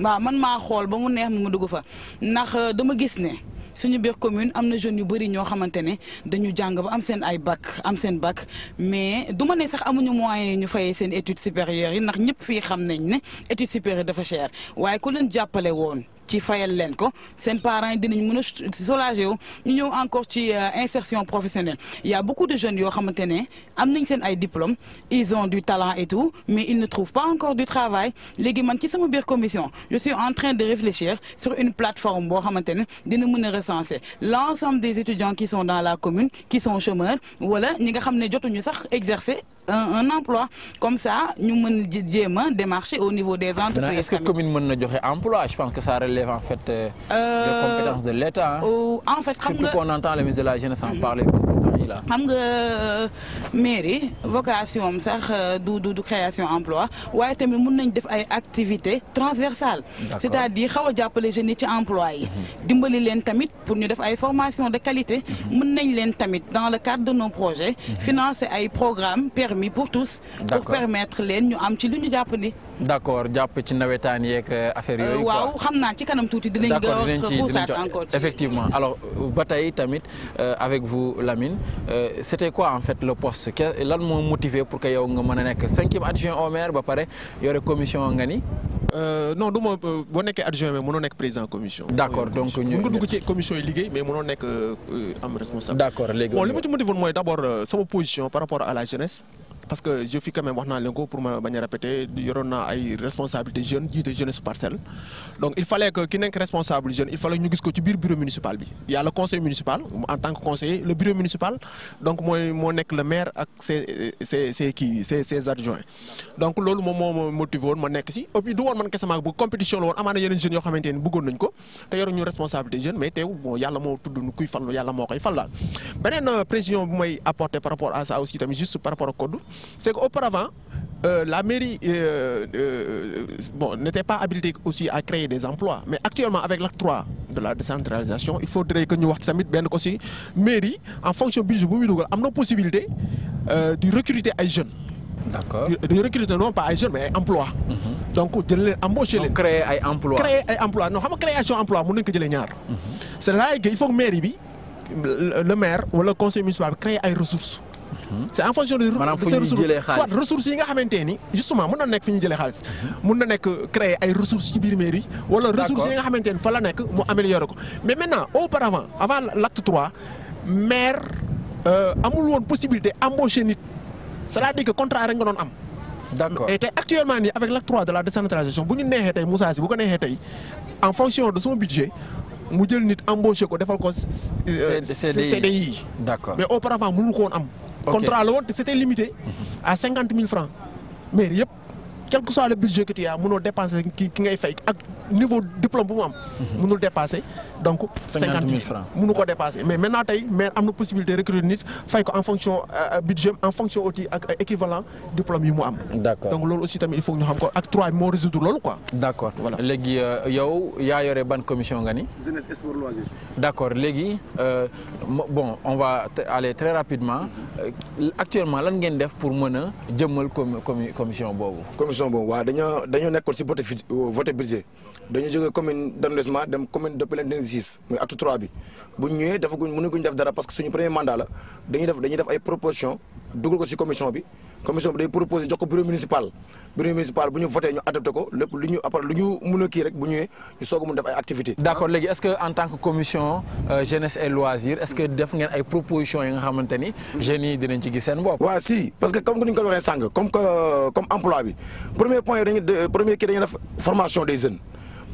waaw man ma xol ba mu neex ma ma dugg fa ndax euh, dama gis ne suñu biir commune am na jeunes yu bëri ñoo xamante ne dañu jàng ba am seen ay bac am seen bac mais du ma ne sax amuñu moyen ñu fayee seen études supérieures yi ndax ñëpp fii xam nañ ne études supérieures dafa cher waaye ku leen jàppale woon. ci fayal leen ko parents dinañ mën a soulager wu ñu ñëw encore une euh, insertion professionnelle il y a beaucoup de jeunes qui ont des am diplômes ils ont du talent et tout mais ils ne trouvent pas encore du travail Les man qui sama en commission je suis en train de réfléchir sur une plateforme pour xamante dina recenser l'ensemble des étudiants qui sont dans la commune qui sont chômeurs wala ñi nga xam ne jotuñu sax exercer un, emploi comme ça nous pouvons démarcher au niveau des entreprises. est-ce que commune peut donner un emploi je pense que ça relève en fait. Euh, euh compétences de l'État. Euh, en fait surtout qu'on entend les ministre de la jeunesse en mhm. parler beaucoup. xam nga euh, mairie vocation c'est sax euh, création emploi waaye tamit mun nañ def activités transversales c'est-à-dire que a jeunes yi ci emploi mhm. dimbali leen pour ñu def ay de qualité on mhm. peut, leen tamit dans le cadre de nos projets financer des programmes mi pour tous. pour permettre leen ñu am ci lu ñu jàpp ni d' accord jàpp ci nawetaan yeeg euh, affaire yooyu. Euh, waaw xam naa ci kanam tuuti dinañ. d' accord encore effectivement alors euh, bataille, tey tamit avec vous Lamine c' était quoi en fait le poste lan moo motivé pour que yow nga mën a nekk cinquième adjoint au maire ba pare yore commission nga euh, non du ma boo adjoint mais mënoo nekk président commission. D'accord, donc ñu nga dugg ci commission yi liggéey mais mënoo nekk am responsable. d' accord léegi bon li ma ci motivé woon mooy d' position par rapport à la jeunesse parce que je suis quand même en naa pour me pour ma y a une ay responsabilité jeune jiite jeunesse parcelle donc il fallait que ait nekk responsable jeune il fallait ñu nous ko bureau municipal il y a le conseil municipal en tant que conseiller le bureau municipal donc moi je suis le maire ak ses ses ses qui, adjoints donc c'est ce qui motivé motive. ma et puis il y a une compétition il y a une jeunes yoo xamante ne nañ ko te une responsabilité jeune mais il y a moo il y kuy la mort, une koy fal je vais euh, précision bu may apporter par rapport à ça aussi tamit juste par rapport au code c'est qu'auparavant, euh, la mairie euh, euh, bon, n'était pas habilitée aussi à créer des emplois. Mais actuellement, avec l'acte 3 de la décentralisation, il faudrait que nous ayons bien mairie, en fonction du budget, nous avons la possibilité de recruter des jeunes. D'accord. De recruter non pas des jeunes, mais des emplois. Mhm. Donc, de embaucher les. Créer des emplois. Créer des emplois. Non, la création d'emplois, nous mhm. que des emplois. cest là qu'il faut que la mairie, le maire ou le conseil municipal crée des ressources. Mhm. c'est en fonction de. maanaam soit ressources yi nga xamante justement mun na nekk fi ñu jëlee xaalis mun na nekk créer ay ressources ci biir mairie. wala ressources yi nga xamante ni fa la mu améliorer ko. mais maintenant auparavant avant l'acte 3, trois maire euh, amul woon possibilité embaucher nit cela dit à que contrat rek nga doon am. d'accord et actuellement avec l'acte 3 trois de la décentralisation bu ñu neexee Moussa si bu ko neexee en fonction de son budget. mu jël nit embauché ko defal ko. CDI d'accord mais auparavant nous ko am. Le contrat à c'était limité à 50 000 francs mais quel que soit le budget que tu as mono dépenser qui qui fait niveau diplôme bu avons am. mënul mhm. dépasser donc. 50 000 francs nous avons dépasser mais maintenant nous mais la possibilité possibilité recruter nit en fonction euh, budget en fonction aussi l'équivalent euh, équivalent diplôme yi d'accord donc loolu aussi il faut ñu xam ko ak trois résoudre quoi. d'accord voilà y euh, yow une yore commission a ni. jeunesse d'accord léegi bon on va aller très rapidement actuellement lan ngeen def pour moi, a le commission boobu. commission bon. waaw ci vote budget dañu joggé commune d' dem commune de Pelentine 6 muy acte 3 bi bu ñu dafa dafa guñ def dara parce que suñu premier mandat la dañuy def dañuy def ay proposition duggal ko ci commission bi commission bi day proposer jox ko bureau municipal bureau municipal bu ñu voté ñu adopté ko lepp lu ñu après lu ñu mën a rek bu ñëwee ñu soog def ay activité d'accord légui est ce que en tant que commission euh, jeunesse et loisirs est ce que def ngeen ay proposition yi nga xamante ni jeunes yi dinañ ci gis seen bopp si parce que comme ni ñu ko waxé sang comme que comme emploi bi premier point dañu premier qui dañu def formation des jeunes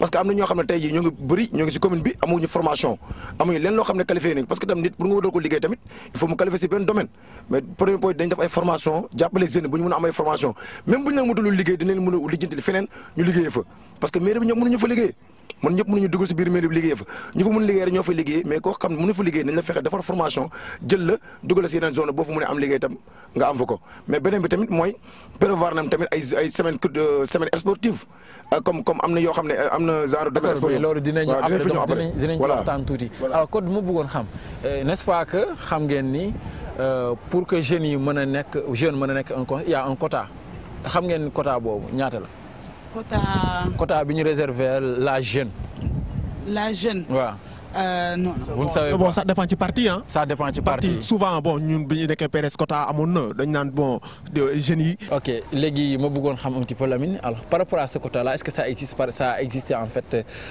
parce que am na ñoo xam ne tey jii ñoo ngi bëri ñoo ngi commune bi amuñu formation amuñu leen lo xamné qualifié nañ parce que tam nit pour nga wutal ko liggéey tamit il faut mu qualifier ci ben domaine mais premier point dañ def ay formation jàppale jeunes buñu mëna mën am ay formation même buñu ñu leen wutalul liggéey dinañ mëna a fenen ñu liggéey fa parce que maire bi ñoom mënuñu fa liggéey man ñëpp mënuñu dugg si biir mairie bi liggéey fa ñu fa mën liggéey rek ñoo fa liggéey mais koo xam ne mënu fa liggéey nañ la fexe defar formation jël la dugal si yeneen zone boo fa mën a am liggéey tam nga am fa ko mais beneen bi tamit mooy prévoir nam tamit ay ay semaine euh, semaine sportive euh, comme comme am na yoo xam ne euh, am na genre domaine sportif loolu dinañ dinañ waxtaan tuuti alors code mu bëggoon xam n'est-ce pas que xam ngeen ni pour que jeunes yi mën a nekk jeune mën a nekk un il y a un quota xam ngeen quota boobu ñaata la quota quota bi ñu réservé la jeune. la jeune. Voilà. Euh, non vous ne savez bon ça dépend du parti hein. ça dépend du parti souvent bon ñun avons des nekkee quota mon na dañ naan bon des yi. ok léegi ma bëggoon xam un petit peu mine. alors par rapport à ce quota là est-ce que ça existe ça a en fait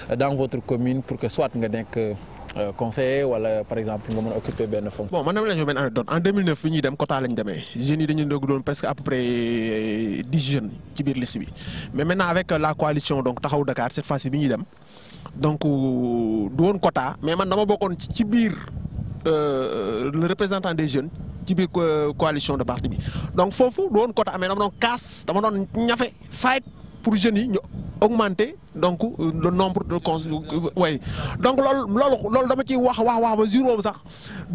euh, dans votre commune pour que soit nga que. Euh, conseiller wala par exemple nga mën occuper ben fonction. bon man la ñu benn anecdote en 2009 bi ñuy dem quota lañ démé jeunes yi dañu doog doon presque à peu près euh, dix jeunes ci biir liste bi mais maintenant avec euh, la coalition donc taxaw Dakar cette fois-ci bi ñuy dem donc du won quota mais man dama bokkoon ci biir le représentant des jeunes ci biir coalition de parti bi donc fofu du woon quota mais dama doon kaas dama don ñafé fight pour jeunes augmenter donc euh, le nombre de cons euh, ouais donc loolu loolu loolu dama ciy wax wax wax ba jour sax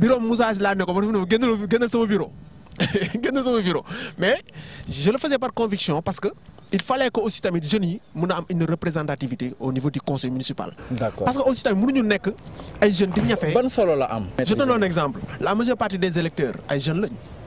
bureau Moussa Sy laa ne ko ba ne génnal génnal sama bureau sur *laughs* sama bureau mais je le faisais par conviction parce que il fallait que aussi tamit jeunes aient une représentativité au niveau du conseil municipal. d'accord parce que aussi tamit Nek ay jeunes di ñafe. ban solo la je donne un exemple la majeure partie des électeurs ay jeunes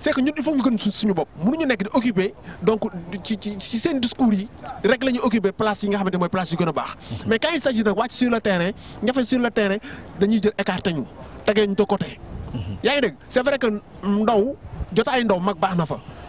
c'est que ñun il faut ñu gën suñu bopp mënuñu nekk di occuper donc ci ci seen discours yi rek la ñuy occuper place yi nga xamante mooy place yu gën a baax. mais quand il s'agit nag wàcc sur le terrain ñafe sur le terrain dañuy jël écarté ñu tegee ñu de côté. Mhm. yaa ngi rek c'est vrai que ndaw jotaay ndaw mag baax na fa.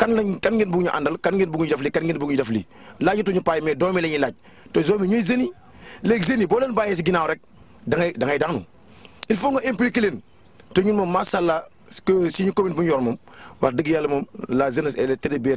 kan lañ kan ngeen bëgg ñu àndal kan ngeen bëgg ñu def lii kan ngeen bëgg ñu def lii laajatuñu paay mais doom yi la ñuy laaj te doom yi ñooy jeunes yi boo leen bàyyee si ginnaaw rek da ngay da ngay il faut nga impliquer leen te ñun moom macha allah que suñu commune bu ñu yor moom wax dëgg yàlla moom la jeunesse elle est très bien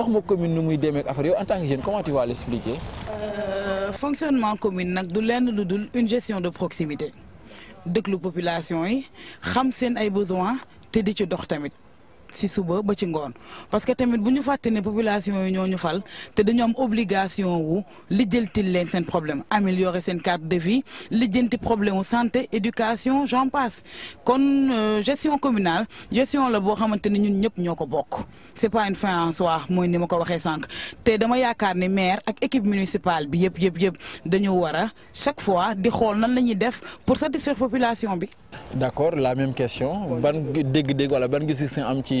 wax-ma commune nu muy demee ak affaire yow en tant que jeune comment tu vas l'expliquer. Euh, fonctionnement commune nak du lenn lu une gestion de proximité déglu population yi xam sen ay besoins té di ci dox tamit si suba ba ci ngone parce que tamit buñu ñu fàtte population ñoñu fal té dañu am obligation wu lijjantil leen sen problème améliorer sen carte de vie lijjanti problème santé éducation j'en passe kon euh, gestion communale gestion la bo xamante ñun ñëpp ñoko bok c'est pas une fin en soi moy ni ma ko waxee sànq te dama yaakaar ni maire ak équipe municipale bi yëpp yëpp yëpp dañu wara chaque fois di xol nan la def pour satisfaire population bi. d'accord la même question ban dégg-dégg wala ban gis-gis am ci.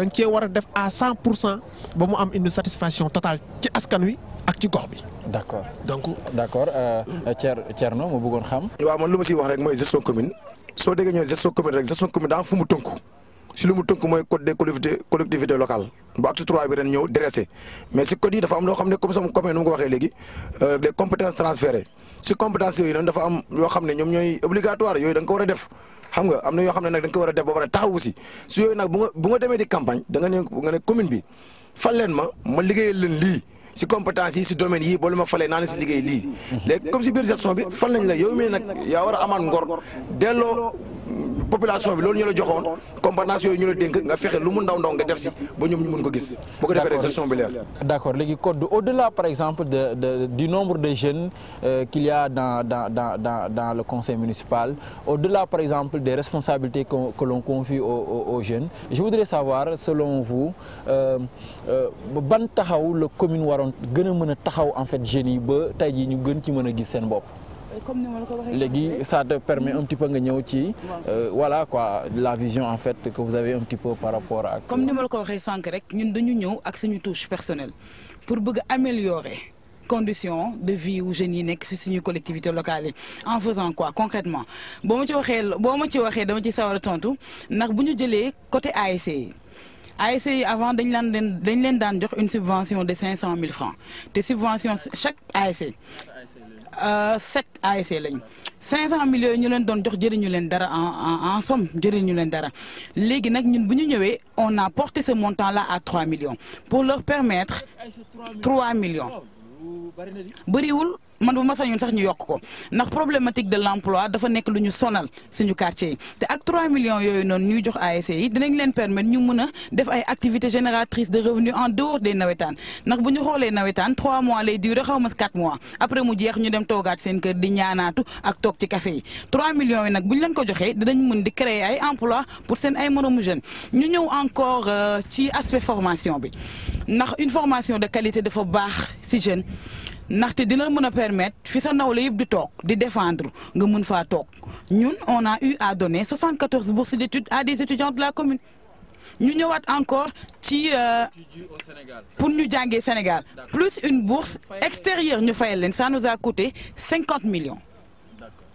da nga cee war a def à 100 pour cent ba mu am une satisfaction totale ci askan wi ak ci gox bi. d' accord donc. d' accord euh, Thierno mu bëggoon xam. waaw man lu ma siy wax rek mooy gestion commune soo déggee ñëw gestion commune rek gestion commune daa fu mu tënku si lu mu tënku mooy code des collectivités collectivité locale bu acte trois bi ren ñëw dressé mais si code yi dafa am loo xam ne comme sama commune nu ma ko waxee léegi euh, des compétences transférées si compétences yooyu noonu dafa am yoo xam ne ñoom ñooy obligatoire yooyu da nga ko war a def. xam nga am na yoo xam ne nag da nga ko war a def ba pare taxawu si su yooyu nag bu nga demee di campagne da nga ne nga ne commune bi fal leen ma ma liggéeyal leen li si compétence yi si domaine yi boolu ma falee naa si liggéey lii mm-hmm. léegi comme si biir gestion bi fal nañ la yow mii nag yaa war a amaat ngor delloo population bi loolu ñu la joxoon compétence yooyu ñu la dénk nga fexe lu mu ndaw ndaw nga def si ba ñoom ñu mën ko gis boo ko defee gestion bi leer d'accord léegi code au delà par exemple de, de du nombre de jeunes euh, qu'il y a dans dans dans dans dans le conseil municipal au delà par exemple des responsabilités que, que l'on confie aux, aux, aux jeunes je voudrais savoir selon vous euh, euh, ban taxaw la commune waroon gën a mën a taxaw en fait jeunes yi ba tey jii ñu gën ci mën a gis seen bopp comme ça te permet un petit peu de euh, voilà quoi la vision en fait que vous avez un petit peu par rapport à... comme nous, le touche personnelle pour améliorer. conditions de vie ou jeunes yi nekk collectivité locale en faisant quoi concrètement ci côté avant une subvention de 500 000 francs subvention chaque ASC 7 ASC 500 millions ñu leen doon en somme jëriñu leen dara on a porté ce montant là à 3 millions pour leur permettre 3 millions oh, man bu ma sañu sax ñu yok ko nak problématique de l'emploi dafa nek lu ñu sonal suñu quartier té ak 3 millions yoyu non ñuy jox ASC yi dinañ leen permettre ñu mëna def ay activités génératrices de revenus en dehors des nawetaan nak bu ñu xoolee 3 mois lay durer xawma 4 mois après mu jeex ñu dem toogaat seen kër di ñaanatu ak tok ci café 3 millions yi nak buñu leen ko joxé dinañ di créer ay emploi pour seen ay morom jeunes ñu ñëw encore euh, ci aspect formation bi nak une formation de qualité dafa baax si jeune nous avons défendre on a eu à donner 74 bourses d'études à des étudiants de la commune Nous avons encore euh, pour au Sénégal plus une bourse extérieure ça nous a coûté 50 millions.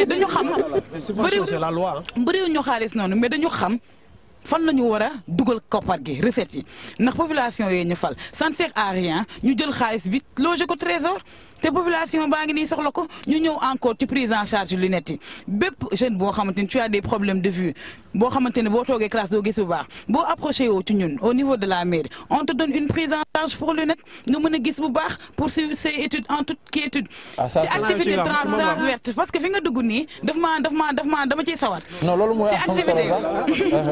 mais dañu xam. bëriwul la loi hein. bëriwul ñu xaalis noonu mais dañu xam. fan lañu wara duggal a dugal koppar yi population yooyu ñu fal ça ne sert à rien ñu jël xaliss vite loger ko trésor tes populations baa ngi nii soxla ko ñu ñëw encore ci prise en charge lunettes yi bépp jeune boo xamante tu as des problèmes de vue boo xamante ne boo toogee classe doo gis bu baax boo approcher woo ci ñun au niveau de la mairie on te donne une prise en charge pour lunette nga Nous a gis bu baax pour suivre ces études en toute quiétude ah, ci activité transverse parce que fi nga dugg nii daf maa daf maa daf maa dama ciy sawar ci activité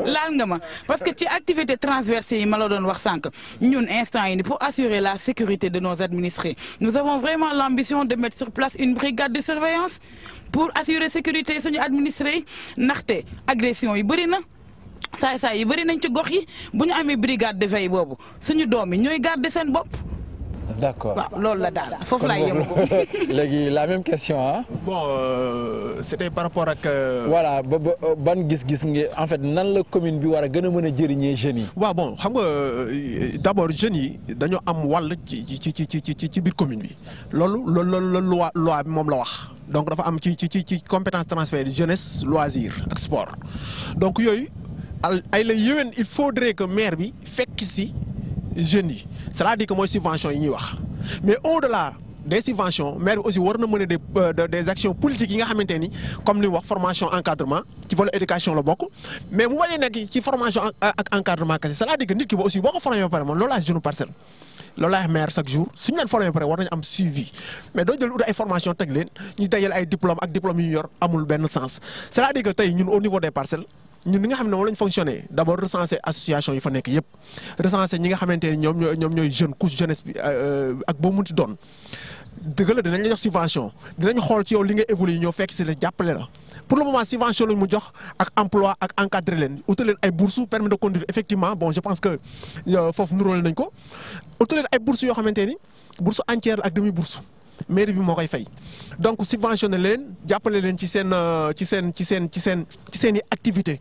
*laughs* laal nga ma parce que ci activité transverse yi ma la doon wax sànq ñun instant yi pour assurer la sécurité de nos administrés nous avons vraiment l'ambition de mettre sur place une brigade de surveillance pour assurer sécurité et administré ndaxte agression yi ça na saay saay yi une nañ ci brigade de veille boobu suñu doom yi garder seen d'accord *laughs* la même question hein? euh, c'était par rapport à euh, voilà gis-gis en fait dans la commune bi a euh, d'abord jeunes commune loi donc jeunesse loisirs sport donc il faudrait que maire bi ici jeunes Cela dit, à dire que mooy subvention yi ñuy wax mais au-delà des subventions maire aussi war na mën des euh, des actions politiques yi nga xamante ni comme ni wax formation encadrement qui volet l'éducation la bokk mais mu bañ a nekk ci formation euh, ak encadrement kese c'est-à-dire que nit ki ba aussi boo ko formé ba pare moom loolu laa jeune parcelle. loolu laa maire chaque jour suñu leen former ba pare war nañu am suivi mais doo jël ut ay formation teg leen ñu dajale ay diplôme ak diplôme yu ñu yor amul benn sens c'est-à-dire que tey ñun au niveau des parcelles. ñun li nga xam ne moom lañ fonctionné d' abord recensé association yi fa nekk yëpp recensé ñi nga xamante ne ñoom ñooy ñoom ñooy jeune couche jeunesse bi euh, euh, ak boo munti doon dëgg la dinañ la jox subvention dinañ xool ci yow li nga évolué ñoo fekk si la jàppale la pour le moment subvention lañ mu jox ak emploi ak encadré leen utal leen ay bourses permis de conduire effectivement bon je pense que euh, foofu nuróole nañ ko utal ay bourses yoo xamante ni bourse entière ak demi mairie bi moo koy fay donc subventionné leen jàppale leen ci sen ci euh, sen ci sen ci sen ci seen activité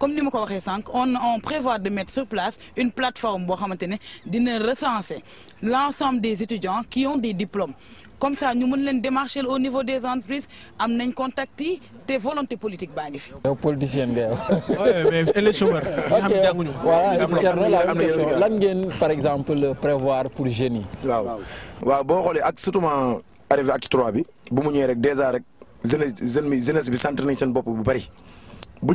comme nous, ko waxee on on prévoit de mettre sur place une plateforme pour recenser l'ensemble des étudiants qui ont des diplômes comme ça nous mën démarcher au niveau des entreprises am nañ contact yi te volonté politique baa ngi fi. yow politicien nga yow. *laughs* ok lan ngeen par exemple prévoir pour Génie yi. waaw waaw boo xoolee ak surtout arrivé acte trois bi bu mu ñëwee rek dèjà rek jeunesse jeune bi jeunesse bi centre nañ bu bari bu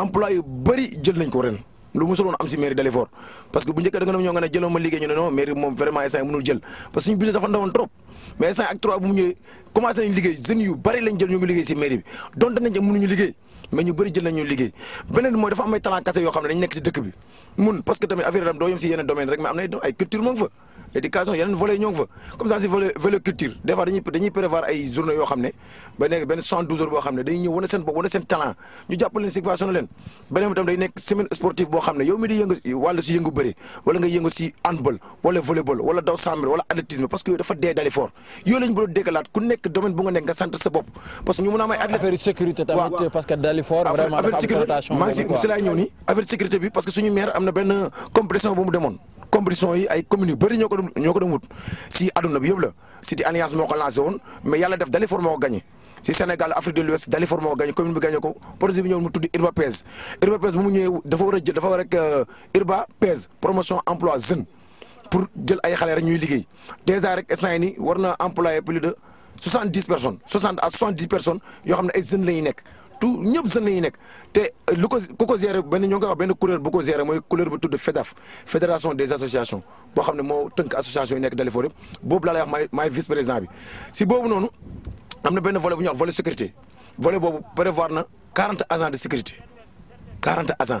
employé bari jël nañ ko ren lu musul won am ci mairie d'Alfort parce que bu ñëkk da nga ñoo nga jël ma ligé ñu non mairie mom vraiment essay mënul jël parce que ñu budget dafa ndawon trop mais essay ak 3 bu ñëw commencé nañ ligé jeune yu bari lañ jël ñu ligé ci mairie bi don dañ ñu mënu ñu ligé mais ñu bari jël nañu ligé benen moy dafa am ay talent cassé yo xamné dañ nekk ci dëkk bi mun parce que tamit affaire yi tam doo yem si domaine rek mais am ay culture mo ngi fa éducation yeneen volets ñoo ngi fa comme ça si volé volé culture des fois dañuy dañuy prévoir ay journée yo xamné ne ba nekk benn 72 heures bo xamné dañuy ñëw wane sen bopp wane sen talent ñu jàppale leen situation leen beneen tam day nekk semaine sportive bo xamné yow mi di yëngu wàllu si yëngu bëri wala nga yëngu si handball wala volleyball wala daw 100 wala athlétisme parce que yooyu dafa dé dalé fort yooyu lañ bu do déggalaat ku nekk domaine bu nga nekk nga sant sa bopp parce que ñu mëna a ay athlète affaire sécurité tamit parce que dalé fort vraiment affaire sécurité maa ci si ñëw ni affaire sécurité bi parce que suñu maire am na benn compétition bu mu demone compression yi ay commune yu bëri ñoko ko doon si aduna bi yeb la si City Alliance moko ko lancé mais yalla def Dalifort formo ko gagné si Sénégal Afrique de l'Ouest Dalifort formo ko gagné commune bi gagné ko projet bi ñëw mu tuddi Urba PES Urba PES bu mu ñëwee dafa wara jël dafa wara rek Urba euh, PES promotion emploi jeune pour jël ay xalé rek ñuy liggéey déjà rek instant yii nii war employé plus de 70 personnes 60 à 70 personnes yo xamné ay jeune la ñuy nekk tout ñepp jeunes yi nek te euh, lu de FEDAF fédération des associations bo xamné mo association yi nek lay wax vice président si bobu nonu amna na volet bu sécurité volet bobu prévoir na quarante de sécurité 40 agents.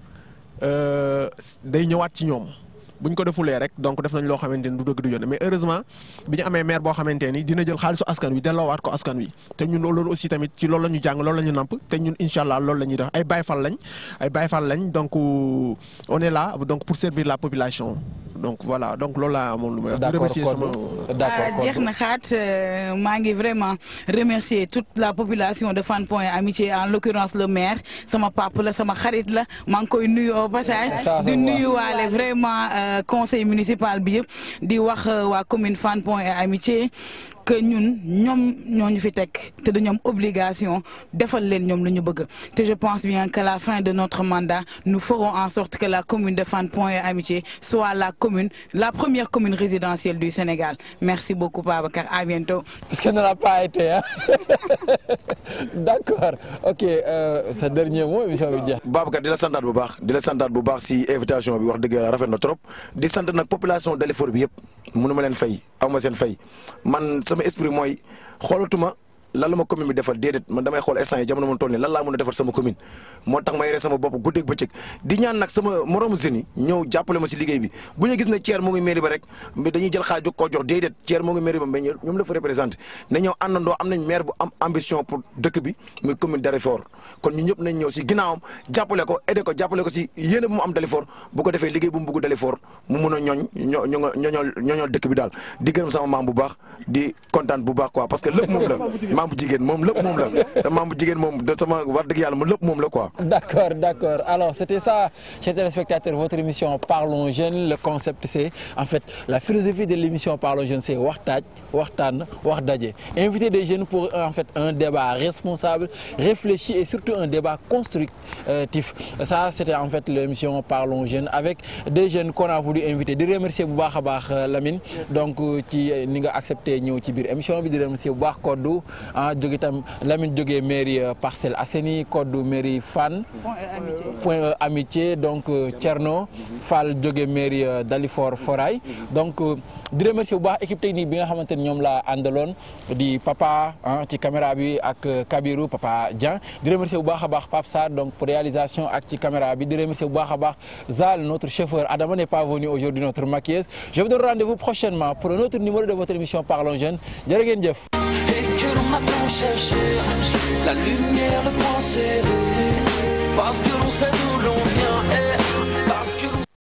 Euh, day ñëwaat ci ñoom buñ ko defulee rek donc def nañ loo xamante ni du dëgg du yoon mais heureusement bi ñu amee maire boo xamante ni dina jël xaalisu askan wi delloowaat ko askan wi te ñun loolu aussi tamit ci loolu la ñu jàng loolu la ñu namp te ñun incha allah loolu la ñuy def ay bayfal lañ ay bayfal lañ donc euh, on est là donc pour servir la population donc voilà donc Lola, mon d'accord euh, Je euh, vraiment remercier toute la population de Fan Point Amitié en l'occurrence le maire sama papa la sama xarit la mang koy nuyu au passage di nuyuwaale vraiment euh, conseil municipal bi di wax wa commune fan Point Amitié que ñun ñoom ñoo ñu fi teg te nous obligation defal leen ñoom lu bëgg je pense bien qu'à la fin de notre mandat nous ferons en sorte que la commune de Fann Point et Amitié soit la commune la première commune résidentielle du Sénégal merci beaucoup Babacar à bientôt. parce qu'elle n'a pas été hein. *laughs* d'accord ok ce euh, dernier mot émission bi Babacar di la santaat bu baax la santaat bu baax si l'invitation bi wax dëgg yàlla rafet na trop di sant nag population Dalifort bi yëpp mënu ma leen fay aw ma seen fay man sama esprit mooy xoolatuma Lalu la ma commune bi defal dedet man damay xol instant jamono ni. Lalu lan la mëna defal sama commune motax ma yéré sama bop guddik beccëk di ñaan nak sama morom zini, nyu jappalé ma ligai bi bu ñu gis na tiers mo ngi mairie ba rek mi dañuy jël xaju ko jox dedet tiers mo ngi mairie ba mbé ñom la fa représenter bu am ambition pour dëkk bi muy commune d'Arefort kon ñu ñëp si ñew ci aku, jappalé ko aider ko jappalé ko ci yéne bu mu am d'Arefort bu ko défé liggéey bu mu bëgg d'Arefort mu mëna ñoñ ñoñ ñoñ dëkk bi dal di gërëm sama mam bubak di content bubak baax quoi parce que lepp *laughs* d'accord d'accord alors c'était ça chers téléspectateurs votre émission Parlons Jeunes le concept c'est en fait la philosophie de l'émission Parlons Jeunes c'est wax inviter des jeunes pour euh, en fait un débat responsable réfléchi et surtout un débat constructif ça c'était en fait l'émission Parlons Jeunes avec des jeunes qu'on a voulu inviter de remercier bu euh, Lamine donc euh, ci ni accepté ñëw ci émission bi remercier bu ah jóge Lamine jógee mairie euh, parcelle Asseni, code mairie fan. Point euh, euh, Amitié donc Thierno Fall jóge mairie d'Alifor Foray. donc di remercier bu équipe technique bi nga xamante ni Andalon, dit papa ah ci caméra bi ak Kabiru papa Dieng di remercier bu papa a donc pour réalisation ak ci caméra bi di remercier bu baax Zal notre chauffeur Adama n'est pas venu aujourd'hui notre maquilleuse je vous donne rendez-vous prochainement pour un autre numéro de votre émission Parlons Jeunes jërë jëf on l'on a cherché, la lumière de pensée parce que l'on sait d'où l'on vient. Et eh.